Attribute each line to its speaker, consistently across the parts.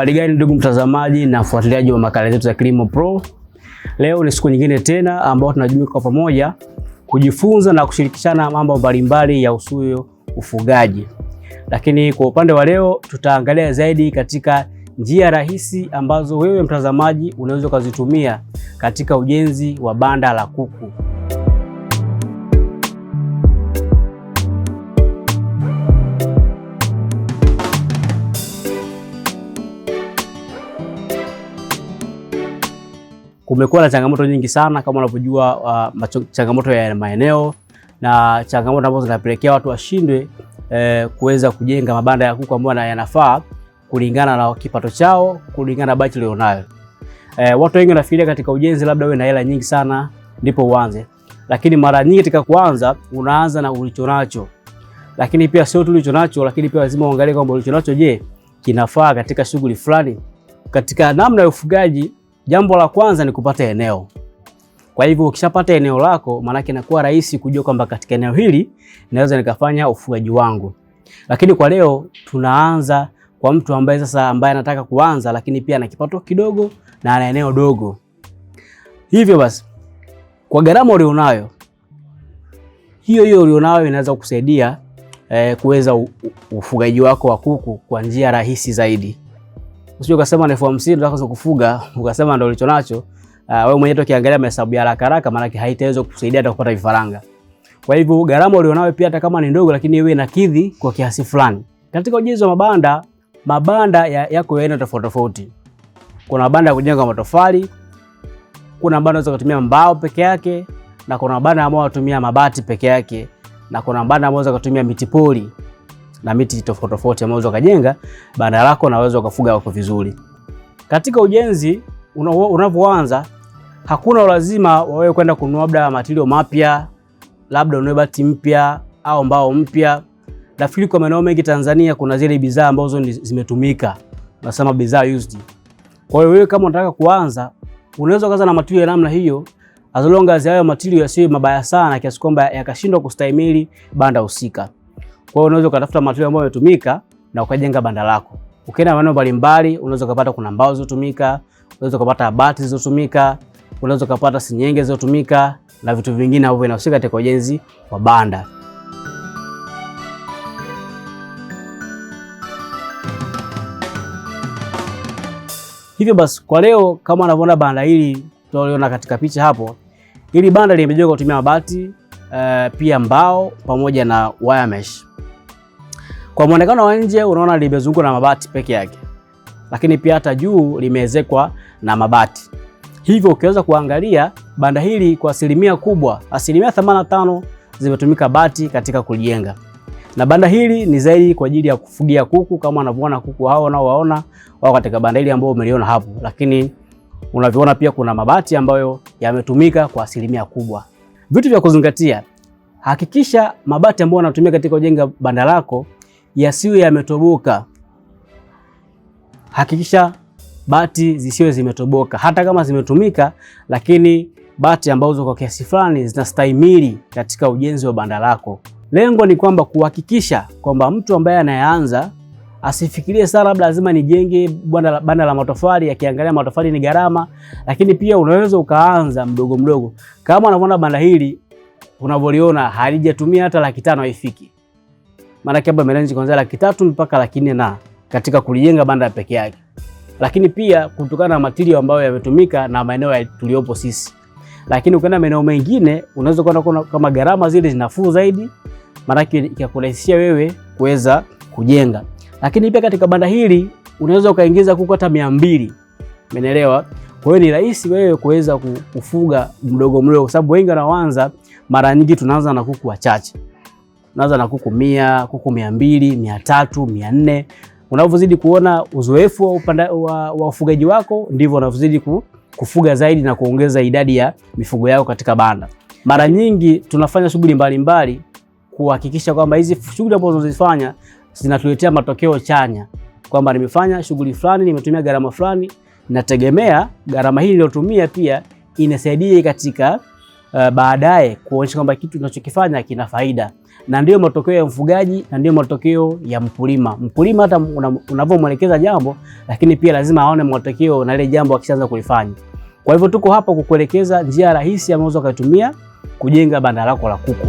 Speaker 1: Habari gani ndugu mtazamaji na mfuatiliaji wa makala zetu za Kilimo Pro. Leo ni siku nyingine tena ambao tunajumuika kwa pamoja kujifunza na kushirikishana mambo mbalimbali ya usuyo ufugaji, lakini kwa upande wa leo tutaangalia zaidi katika njia rahisi ambazo wewe mtazamaji unaweza ukazitumia katika ujenzi wa banda la kuku. Kumekuwa na changamoto nyingi sana kama unavyojua, uh, changamoto ya maeneo na changamoto ambazo zinapelekea watu washindwe eh, kuweza kujenga mabanda ya kuku ambayo yanafaa kulingana na kipato chao, kulingana na bajeti walionayo. Eh, watu wengi wanafikiria katika ujenzi labda uwe na hela nyingi sana ndipo uanze, lakini mara nyingi katika kuanza unaanza na ulichonacho, lakini pia sio tu ulichonacho, lakini pia lazima uangalie kwamba ulichonacho, je, kinafaa katika shughuli fulani, katika namna ya ufugaji Jambo la kwanza ni kupata eneo. Kwa hivyo ukishapata eneo lako, maanake inakuwa rahisi kujua kwamba katika eneo hili naweza nikafanya ufugaji wangu. Lakini kwa leo tunaanza kwa mtu ambaye sasa ambaye anataka kuanza, lakini pia ana kipato kidogo na ana eneo dogo. Hivyo basi kwa gharama ulionayo hiyo hiyo ulionayo inaweza kukusaidia eh, kuweza ufugaji wako wa kuku kwa njia rahisi zaidi usije ukasema na elfu hamsini unataka kufuga ukasema ndio ulicho nacho. Uh, ah, wewe mwenyewe tukiangalia mahesabu ya haraka haraka, maana haitaweza kukusaidia hata kupata vifaranga. Kwa hivyo gharama ulionayo pia hata kama ni ndogo, lakini iwe inakidhi kwa kiasi fulani. Katika ujenzi wa mabanda, mabanda ya, yako ya aina tofauti tofauti. Kuna mabanda ya kujenga matofali, kuna mabanda unaweza kutumia mbao peke yake, na kuna mabanda ambayo wanatumia mabati peke yake, na kuna mabanda ambayo unaweza kutumia miti pori na miti tofauti tofauti ambazo ukajenga banda lako na unaweza ukafuga wako vizuri. Katika ujenzi unavyoanza, hakuna lazima wawe kwenda kununua labda matilio mapya, labda ununue bati mpya au mbao mpya. Nafikiri kwa maeneo mengi Tanzania kuna zile bidhaa ambazo zimetumika, nasema bidhaa used. Kwa hiyo wewe kama unataka kuanza, unaweza kuanza na matilio ya namna hiyo, as long as hayo matilio yasiwe mabaya sana kiasi kwamba yakashindwa kustahimili banda husika. Kwa hiyo unaweza ukatafuta material ambayo yametumika na ukajenga banda lako. Ukienda maeneo mbalimbali, unaweza ukapata kuna mbao zilizotumika, unaweza ukapata bati zilizotumika, unaweza ukapata sinyenge zilizotumika na vitu vingine ambavyo vinahusika katika ujenzi wa banda. Hivyo basi kwa leo, kama unavyoona banda hili tunaliona katika picha hapo, hili banda limejengwa kutumia mabati uh, pia mbao pamoja na wire mesh. Kwa muonekano wa nje unaona limezungukwa na mabati peke yake, lakini pia hata juu limeezekwa na mabati. Hivyo ukiweza kuangalia banda hili kwa asilimia kubwa, asilimia 85 zimetumika bati katika kulijenga, na banda hili ni zaidi kwa ajili ya kufugia kuku. Kama unavyoona kuku hao waona wao katika banda hili ambao umeliona hapo, lakini unavyoona pia kuna mabati ambayo yametumika kwa asilimia kubwa. Vitu vya kuzingatia, hakikisha mabati ambayo unatumia katika kujenga banda lako yasiwe yametoboka. Hakikisha bati zisiwe zimetoboka, hata kama zimetumika, lakini bati ambazo kwa kiasi fulani zinastahimili katika ujenzi wa banda lako. Lengo ni kwamba kuhakikisha kwamba mtu ambaye anayeanza asifikirie sana labda lazima nijenge banda la, banda la matofali, akiangalia matofali ni gharama, lakini pia unaweza ukaanza mdogo mdogo, kama unavyoona banda hili unavyoliona halijatumia hata laki tano haifiki maana hapa imerange kuanzia laki tatu mpaka laki nne na katika kulijenga banda peke yake, lakini pia kutokana na matirio ambayo yametumika na maeneo tuliyopo sisi. Lakini ukienda maeneo mengine unaweza kuona kama gharama zile zinafuu zaidi, maana ikakurahisishia wewe kuweza kujenga. Lakini pia katika banda hili unaweza ukaingiza kuku hata mia mbili, umeelewa? Kwa hiyo ni rahisi wewe kuweza kufuga mdogo mdogo, kwa sababu wengi wanaoanza mara nyingi tunaanza na kuku wachache unaanza na kuku mia, kuku mia mbili, mia tatu, mia nne. Unavyozidi kuona uzoefu wa upanda, wa wa wako ndivyo unavyozidi ku, kufuga zaidi na kuongeza idadi ya mifugo yako katika banda. Mara nyingi tunafanya shughuli mbalimbali kuhakikisha kwamba hizi shughuli ambazo tunazifanya zinatuletea matokeo chanya, kwamba nimefanya shughuli fulani, nimetumia gharama fulani, nategemea gharama hii niliyotumia pia inasaidia katika uh, baadaye kuonyesha kwamba kitu tunachokifanya kina faida na ndiyo matokeo ya mfugaji na ndiyo matokeo ya mkulima. Mkulima hata unavyomwelekeza jambo, lakini pia lazima aone matokeo na ile jambo akishaanza kulifanya. Kwa hivyo tuko hapa kukuelekeza njia rahisi ambazo ukaitumia kujenga banda lako la kuku.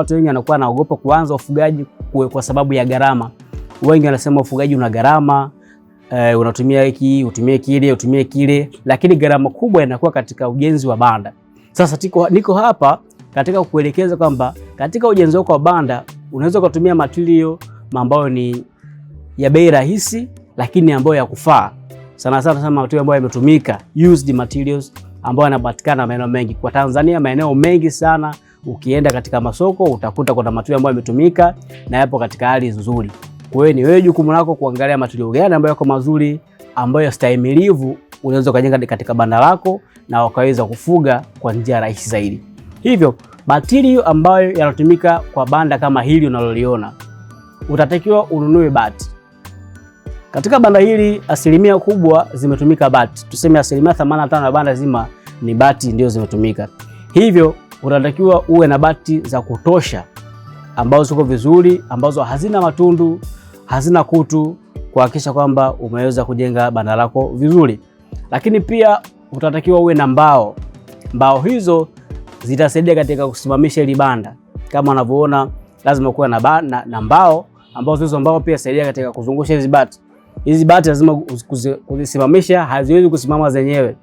Speaker 1: watu wengi wanakuwa naogopa kuanza ufugaji kwa sababu ya gharama. Wengi wanasema ufugaji una gharama e, unatumia hiki, utumie kile, utumie kile, lakini gharama kubwa inakuwa katika ujenzi wa banda. Sasa tiko, niko hapa katika kukuelekeza kwamba katika ujenzi wako wa banda unaweza kutumia matirio ambayo ni ya bei rahisi, lakini ambayo ya kufaa sana sana sana, matirio ambayo yametumika used materials ambayo yanapatikana maeneo mengi kwa Tanzania, maeneo mengi sana Ukienda katika masoko utakuta kuna matulio ambayo yametumika na yapo katika hali nzuri. Kwa hiyo ni wewe jukumu lako kuangalia matulio gani ambayo yako mazuri, ambayo yastahimilivu, unaweza kujenga katika banda lako na ukaweza kufuga kwa njia rahisi zaidi. Hivyo matirio ambayo yanatumika kwa banda kama hili unaloliona, utatakiwa ununue bati. Katika banda hili asilimia kubwa zimetumika bati, tuseme asilimia 85 ya banda zima ni bati ndio zimetumika, hivyo unatakiwa uwe na bati za kutosha ambazo ziko vizuri, ambazo hazina matundu, hazina kutu, kuhakikisha kwamba umeweza kujenga banda lako vizuri. Lakini pia utatakiwa uwe na mbao. Mbao hizo zitasaidia katika kusimamisha hili banda. Kama unavyoona, lazima kuwa na, na, na mbao ambazo hizo mbao pia saidia katika kuzungusha hizi bati. Hizi bati lazima kuzisimamisha, haziwezi kusimama zenyewe,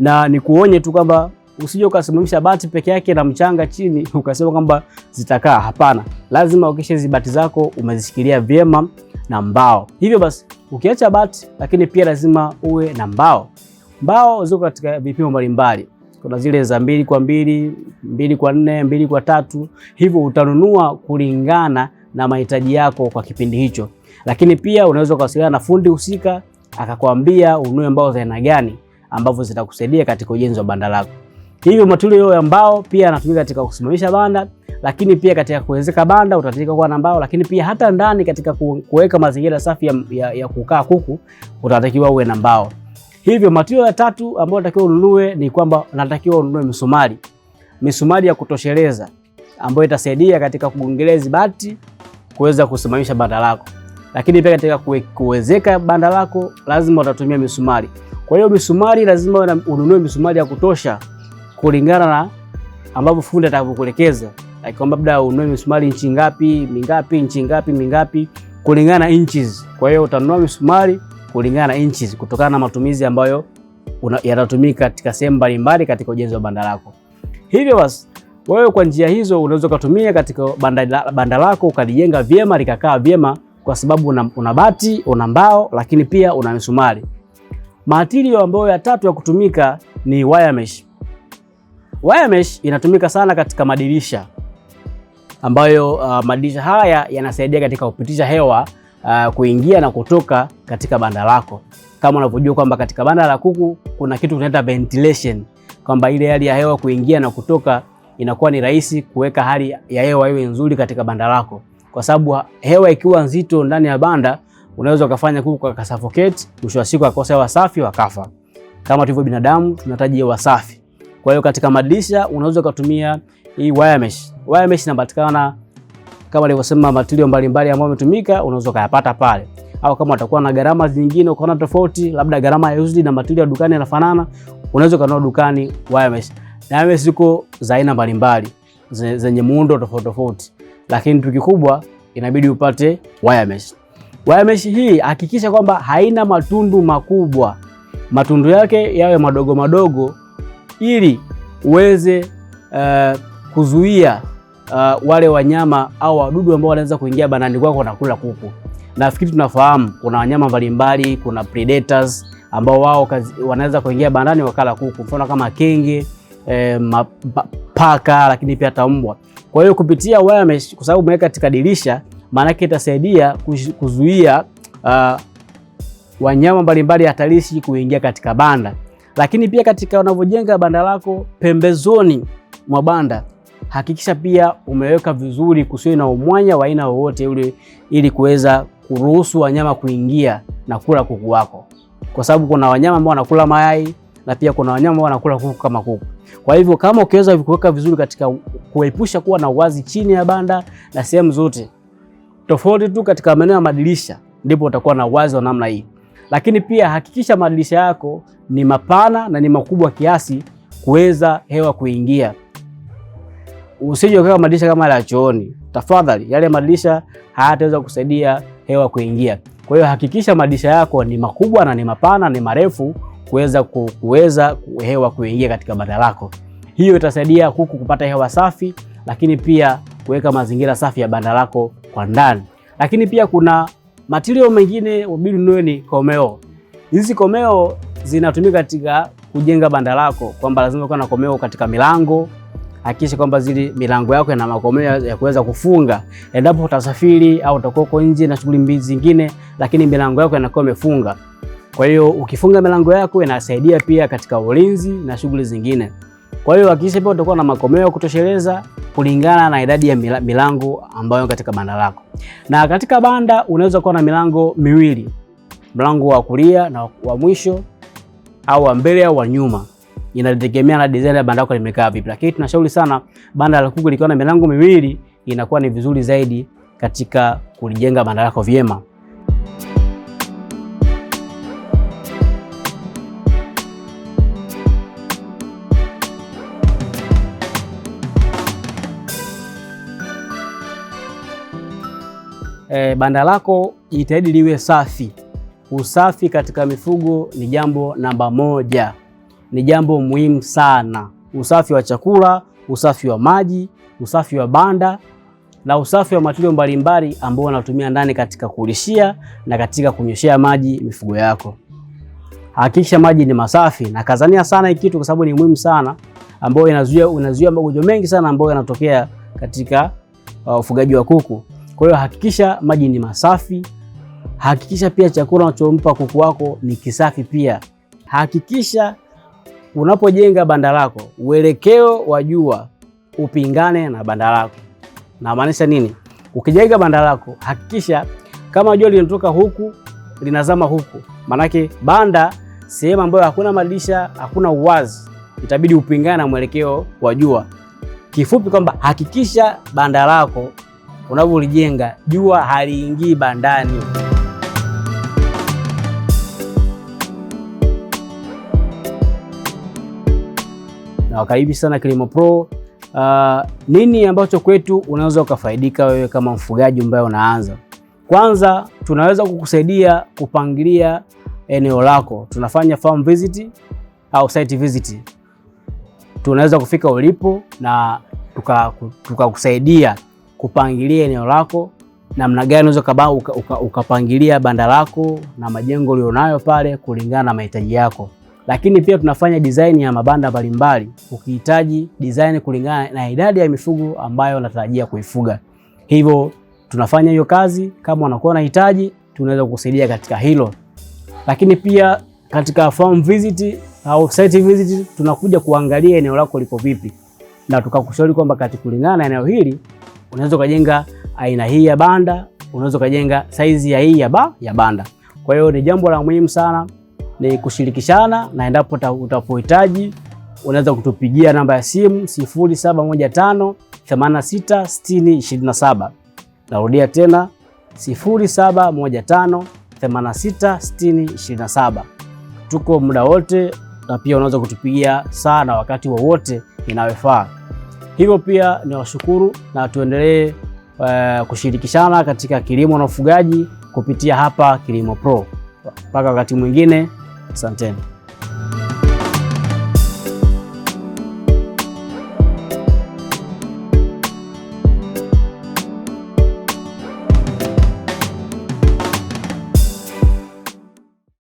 Speaker 1: na nikuonye tu kwamba usije ukasimamisha bati peke yake na mchanga chini ukasema kwamba zitakaa. Hapana, lazima ukishe hizi bati zako umezishikilia vyema na mbao. Hivyo basi ukiacha bati, lakini pia lazima uwe na mbao. Mbao ziko katika vipimo mbalimbali, kuna zile za mbili kwa mbili, mbili kwa nne, mbili kwa tatu. Hivyo utanunua kulingana na mahitaji yako kwa kipindi hicho, lakini pia unaweza ukawasiliana na fundi husika akakwambia ununue mbao za aina gani ambavyo zitakusaidia katika ujenzi wa banda lako. Hivyo material ya mbao pia yanatumika katika kusimamisha banda, lakini pia katika kuwezeka banda utatumika kuwa na mbao, lakini pia hata ndani katika kuweka mazingira safi ya, ya, ya kukaa kuku utatakiwa uwe na mbao. Hivyo material ya tatu ambayo unatakiwa ununue ni kwamba unatakiwa ununue misumari, misumari ya kutosheleza ambayo itasaidia katika kugongelea bati kuweza kusimamisha banda lako, lakini pia katika kuwezeka banda lako lazima utatumia misumari. Kwa hiyo misumari lazima ununue misumari ya kutosha kulingana na ambavyo fundi atakavyokuelekeza, akikwambia labda unoe misumari inchi ngapi mingapi, inchi ngapi mingapi, kulingana na inches. Kwa hiyo utanunua misumari kulingana na inches, kutokana na matumizi ambayo yatatumika katika sehemu mbalimbali katika ujenzi wa banda lako. Hivyo basi wewe kwa njia hizo unaweza ukatumia katika banda, banda lako ukalijenga vyema likakaa vyema, kwa sababu una, una bati una mbao, lakini pia una misumari. Matirio ambayo ya tatu ya kutumika ni wire mesh. Wire mesh inatumika sana katika madirisha ambayo uh, madirisha haya yanasaidia katika kupitisha hewa uh, kuingia na kutoka katika banda lako. Kama unavyojua kwamba katika banda la kuku kuna kitu tunaita ventilation, kwamba ile hali ya hewa kuingia na kutoka inakuwa ni rahisi kuweka hali ya hewa iwe nzuri katika banda lako, kwa sababu hewa ikiwa nzito ndani ya banda unaweza ukafanya kuku kwa akasuffocate, mwisho wa siku akakosa hewa safi wakafa. Kama tulivyo binadamu tunahitaji hewa safi. Kwa hiyo katika madirisha unaweza ukatumia hii wire mesh. Wire mesh inapatikana kama nilivyosema, material mbalimbali ambayo yametumika unaweza kuyapata pale, au kama utakuwa na gharama zingine ukaona tofauti, labda gharama ya used na material ya dukani yanafanana, unaweza ukanunua dukani wire mesh. Na wire mesh ziko za aina mbalimbali zenye muundo tofauti tofauti, lakini tu kikubwa inabidi upate wire mesh. Wire mesh hii hakikisha kwamba haina matundu makubwa, matundu yake yawe madogo madogo ili uweze uh, kuzuia uh, wale wanyama au wadudu ambao wanaweza kuingia banani kwako na kula kuku. Nafikiri tunafahamu kuna wanyama mbalimbali, kuna predators ambao wao wanaweza kuingia bandani wakala kuku, mfano kama kenge e, paka, lakini pia hata mbwa. Kwa hiyo kupitia wiremesh, kwa sababu umeweka katika dirisha, maanake itasaidia kuzuia uh, wanyama mbalimbali hatarishi kuingia katika banda. Lakini pia katika unavyojenga banda lako, pembezoni mwa banda hakikisha pia umeweka vizuri, kusiwe na umwanya wa aina wowote ule, ili kuweza kuruhusu wanyama kuingia na kula kuku wako, kwa sababu kuna wanyama ambao wanakula mayai na pia kuna wanyama ambao wanakula kuku kama kuku. Kwa hivyo kama ukiweza kuweka vizuri katika kuepusha kuwa na uwazi chini ya banda na sehemu zote tofauti tu, katika maeneo ya madirisha ndipo utakuwa na uwazi wa namna hii lakini pia hakikisha madirisha yako ni mapana na ni makubwa kiasi kuweza hewa kuingia. Usije ukaweka madirisha kama ya chooni, tafadhali, yale madirisha hayataweza kusaidia hewa kuingia. Kwa hiyo hakikisha madirisha yako ni makubwa na ni mapana, ni marefu kuweza kuweza hewa kuingia katika banda lako. Hiyo itasaidia kuku kupata hewa safi, lakini pia kuweka mazingira safi ya banda lako kwa ndani. Lakini pia kuna Matirio mengine wabidi ununue ni komeo. Hizi komeo zinatumika katika kujenga banda lako, kwamba lazima uwe na komeo katika milango. Hakikisha kwamba zile milango yako ina makomeo ya kuweza kufunga, endapo utasafiri au utakuwa uko nje na shughuli mbili zingine, lakini milango yako inakuwa imefunga. Kwa hiyo ukifunga milango yako inasaidia pia katika ulinzi na shughuli zingine. Kwa hiyo hakikisha pia utakuwa na makomeo ya kutosheleza kulingana na idadi ya milango ambayo katika banda lako. Na katika banda unaweza kuwa na milango miwili, mlango wa kulia na wa mwisho au wa mbele au wa nyuma, inategemea na design ya banda lako limekaa vipi, lakini tunashauri sana banda la kuku likiwa na milango miwili inakuwa ni vizuri zaidi katika kulijenga banda lako vyema. e, banda lako jitahidi liwe safi. Usafi katika mifugo ni jambo namba moja, ni jambo muhimu sana. Usafi wa chakula, usafi wa maji, usafi wa banda na usafi wa matunzo mbalimbali ambao wanatumia ndani katika kulishia na katika kunyoshea maji mifugo yako. Hakikisha maji ni masafi na kazania sana hiki kitu, kwa sababu ni muhimu sana, ambao inazuia unazuia magonjwa mengi sana ambayo yanatokea katika uh, ufugaji uh, wa kuku. Kwa hiyo hakikisha maji ni masafi, hakikisha pia chakula unachompa kuku wako ni kisafi pia. Hakikisha unapojenga banda lako uelekeo wa jua upingane na banda lako. Namaanisha nini? Ukijenga banda lako hakikisha kama jua linatoka huku linazama huku, manake banda sehemu ambayo hakuna madirisha, hakuna uwazi, itabidi upingane na mwelekeo wa jua. Kifupi kwamba hakikisha banda lako unavyolijenga, jua haliingii bandani. Na wakaribi sana Kilimo Pro. Uh, nini ambacho kwetu unaweza ukafaidika wewe kama mfugaji ambaye unaanza? Kwanza tunaweza kukusaidia kupangilia eneo lako. Tunafanya farm visit au site visit. Tunaweza kufika ulipo na tukakusaidia tuka kupangilia eneo lako namna gani unaweza kaba ukapangilia uka, uka banda lako na majengo ulionayo pale kulingana na mahitaji yako. Lakini pia tunafanya design ya mabanda mbalimbali, ukihitaji design kulingana na idadi ya mifugo ambayo unatarajia kuifuga. Hivyo tunafanya hiyo kazi, kama unakuwa unahitaji tunaweza kukusaidia katika hilo. Lakini pia katika farm visit au site visit tunakuja kuangalia eneo lako liko vipi na tukakushauri kwamba kati kulingana na eneo hili Unaweza ukajenga aina hii ya banda, unaweza ukajenga saizi ya hii ya ba ya banda. Kwa hiyo ni jambo la muhimu sana ni kushirikishana, na endapo utapohitaji unaweza kutupigia namba ya simu 0715 Narudia tena 0715 Tuko muda wote na pia unaweza kutupigia saa na wakati wowote inayofaa. Hivyo pia ni washukuru na tuendelee uh, kushirikishana katika kilimo na ufugaji kupitia hapa Kilimo Pro. Mpaka wakati mwingine, asanteni.